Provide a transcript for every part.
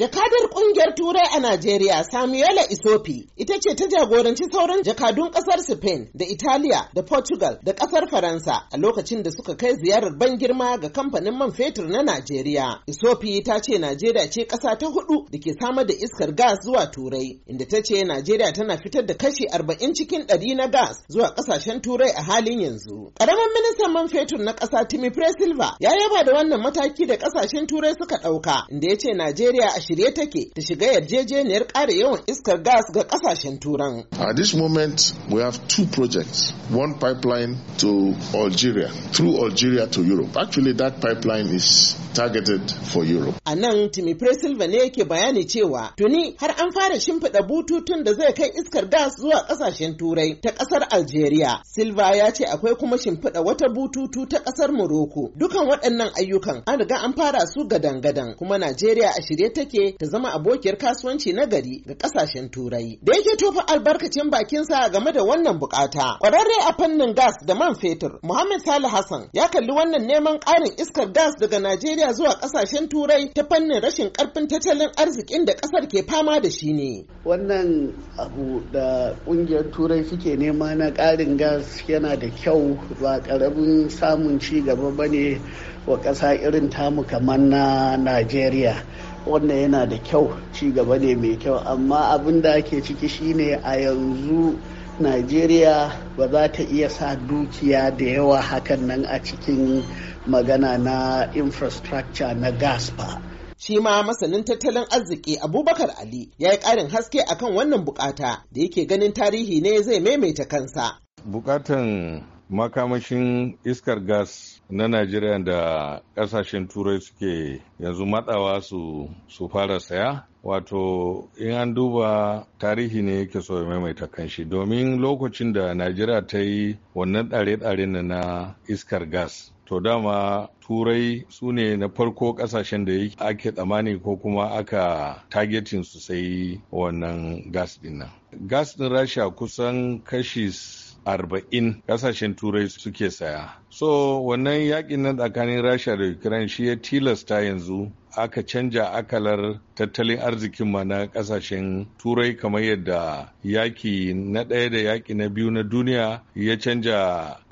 Jakadar kungiyar Turai a Najeriya Samuela Isopi ita ce ta jagoranci sauran jakadun kasar Spain da Italiya da Portugal da kasar Faransa a lokacin da suka kai ziyarar ban girma ga kamfanin man fetur na Najeriya. Isopi ta ce Najeriya ce kasa ta hudu da ke samar da iskar gas zuwa Turai inda ta ce Najeriya tana fitar da kashi arba'in cikin ɗari na gas zuwa kasashen Turai a halin yanzu. Karamin ministan man fetur na kasa Timi Presilva ya yaba da wannan mataki da kasashen Turai suka ɗauka inda ya ce Najeriya a shirye take ta shiga yarjejeniyar ƙara yawan iskar gas ga ƙasashen turan. At this moment we have two projects, one pipeline to Algeria, through Algeria to Europe. Actually that pipeline is targeted for Europe. A nan Timi Presilva ne yake bayani cewa tuni har an fara shimfiɗa bututun da zai kai iskar gas zuwa ƙasashen turai ta ƙasar Algeria. Silva ya ce akwai kuma shimfiɗa wata bututu ta ƙasar Morocco. Dukan waɗannan ayyukan an riga an fara su gadan-gadan kuma Najeriya a shirye take yake ta zama abokiyar kasuwanci na gari ga kasashen turai da yake tofa albarkacin sa game da wannan bukata kwararre a fannin gas da man fetur muhammad sali hassan ya kalli wannan neman karin iskar gas daga najeriya zuwa kasashen turai ta fannin rashin karfin tattalin arzikin da kasar ke fama da shi ne wannan abu da kungiyar turai suke nema na karin gas yana da kyau ba karamin samun ci gaba bane wa ƙasa irin tamu kamar na najeriya wannan yana da kyau ci gaba ne mai kyau amma abin da ake ciki shine a yanzu najeriya ba za ta iya sa dukiya da yawa hakan nan a cikin magana na infrastructure na gas ba shi ma masanin tattalin arziki abubakar ali ya yi ƙarin haske akan wannan bukata da yake ganin tarihi ne zai maimaita kansa bukatan makamashin iskar gas na najeriya da kasashen turai suke yanzu matsawa su su fara saya wato in an duba tarihi ne yake so ya maimaita kanshi domin lokacin da najeriya ta yi wannan ɗare tsare na iskar gas to dama turai su ne na farko kasashen da ake tsamani ko kuma aka targetin su sai wannan gas din gas din rasha kusan kashi arba'in kasashen turai suke saya so wannan yakin na tsakanin rasha da ukraine shi ya tilasta yanzu aka canja akalar tattalin arzikin ma na kasashen turai kamar yadda yaki na ɗaya da yaki na biyu na duniya ya canja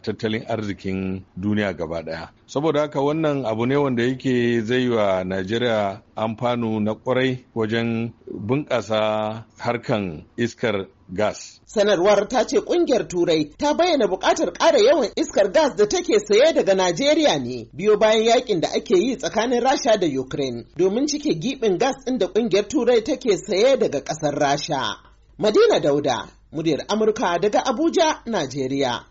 tattalin arzikin duniya gaba ɗaya saboda haka wannan abu ne wanda yake zai wa najeriya amfanu na kwarai wajen bunƙasa harkan iskar gas. Sanarwar ta ce kungiyar Turai ta bayyana buƙatar ƙara yawan iskar gas da take saye daga Najeriya ne biyo bayan yakin da ake yi tsakanin Rasha da Ukraine domin cike giɓin gas ɗin da kungiyar Turai take saye daga ƙasar Rasha. Madina Dauda, muryar Amurka daga Abuja, Najeriya.